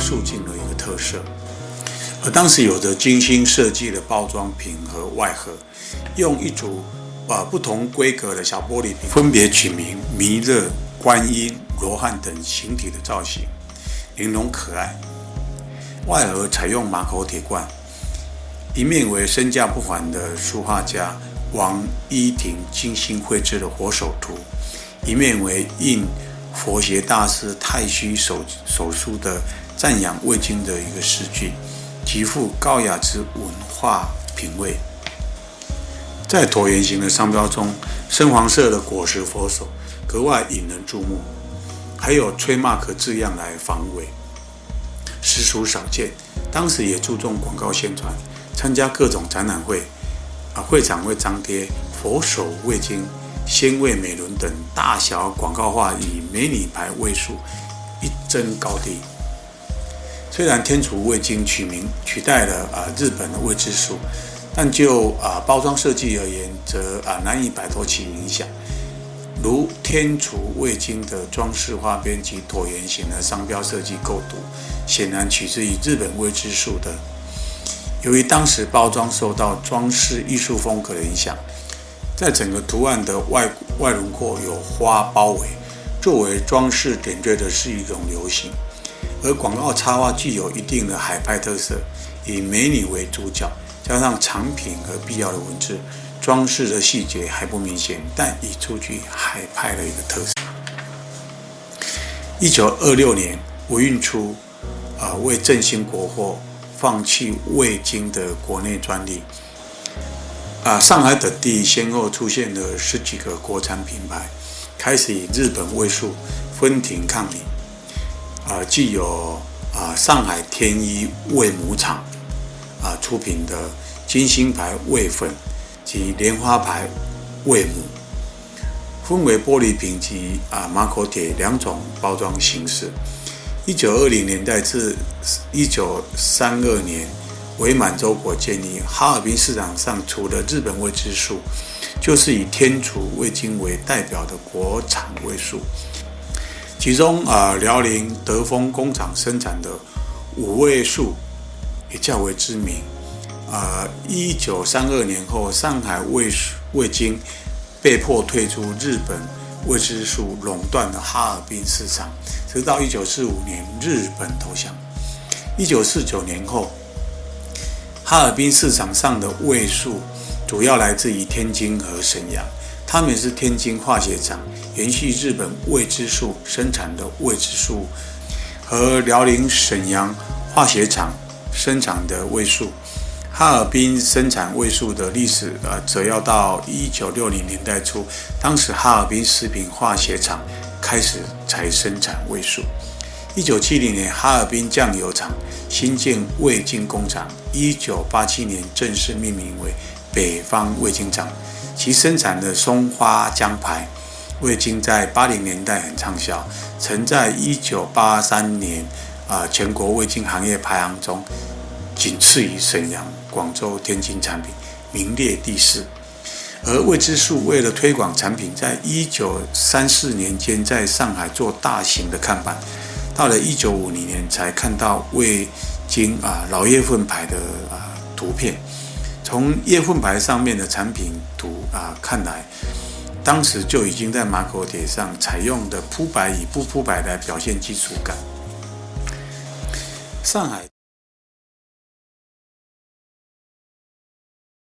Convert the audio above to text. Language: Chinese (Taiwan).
塑進了一個特色，而當時有着精心設計的包裝品和外盒，用一組把、啊、不同規格的小玻璃瓶，分別取名彌勒、觀音、羅漢等形體的造型，玲瓏可愛。外盒採用馬口鐵罐，一面為身價不凡的書畫家王一亭精心繪製的佛手圖，一面為印佛學大師太虛手手書的。讚揚味精的一個詩句，極富高雅之文化品味。在橢圓形的商標中，深黃色的果實佛手格外引人注目，還有“崔馬克”字樣來防偽，實屬少見。當時也注重廣告宣傳，參加各種展覽會，啊，會場會張貼佛手味精、鮮味美倫等大小廣告畫，以美女牌位數一爭高低。雖然天廚味精取名取代了啊、呃、日本的味之素，但就啊、呃、包裝設計而言，則啊、呃、難以擺脫其影響。如天廚味精的裝飾花邊及橢圓形的商標設計構圖，顯然取自於日本味之素的。由於當時包裝受到裝飾藝術風格的影響，在整個圖案的外外輪廓有花包圍，作為裝飾點綴的是一種流行。而廣告插畫具有一定的海派特色，以美女為主角，加上產品和必要的文字，裝飾的細節還不明顯，但已初具海派的一個特色。一九二六年五月初，啊，為振興國貨，放棄味精的國內專利，啊，上海等地先後出現了十幾個國產品牌，開始以日本味素，分庭抗禮。啊，既、呃、有啊、呃、上海天一味母廠啊、呃、出品的金星牌味粉及蓮花牌味母，分為玻璃瓶及啊、呃、馬口鐵兩種包裝形式。一九二零年代至一九三二年，偽滿洲國建立，哈爾濱市場上除了日本味之素，就是以天廚味精為代表的國產味素。其中，啊、呃，遼寧德豐工廠生產的味素也較為知名。啊、呃，一九三二年後，上海味精被迫退出日本味之素壟斷的哈爾濱市場，直到一九四五年日本投降。一九四九年後，哈爾濱市場上的味素主要來自於天津和瀋陽。他們也是天津化學廠延續日本味之素生產的味之素和遼寧沈陽化學廠生產的味素。哈爾濱生產味素的歷史呃，則要到一九六零年代初，當時哈爾濱食品化學廠開始才生產味素。一九七零年，哈爾濱醬油廠新建味精工廠，一九八七年正式命名為北方味精廠。其生產的松花江牌味精在八零年代很暢銷，曾在一九八三年啊、呃、全國味精行業排行中，僅次於瀋陽、廣州、天津產品，名列第四。而味之素為了推廣產品，在一九三四年間在上海做大型的看板，到了一九五零年才看到味精啊老月份牌的啊、呃、圖片。從月份牌上面的產品圖啊，看來當時就已經在馬口鐵上採用的鋪白與不鋪白來表現金屬感。上海。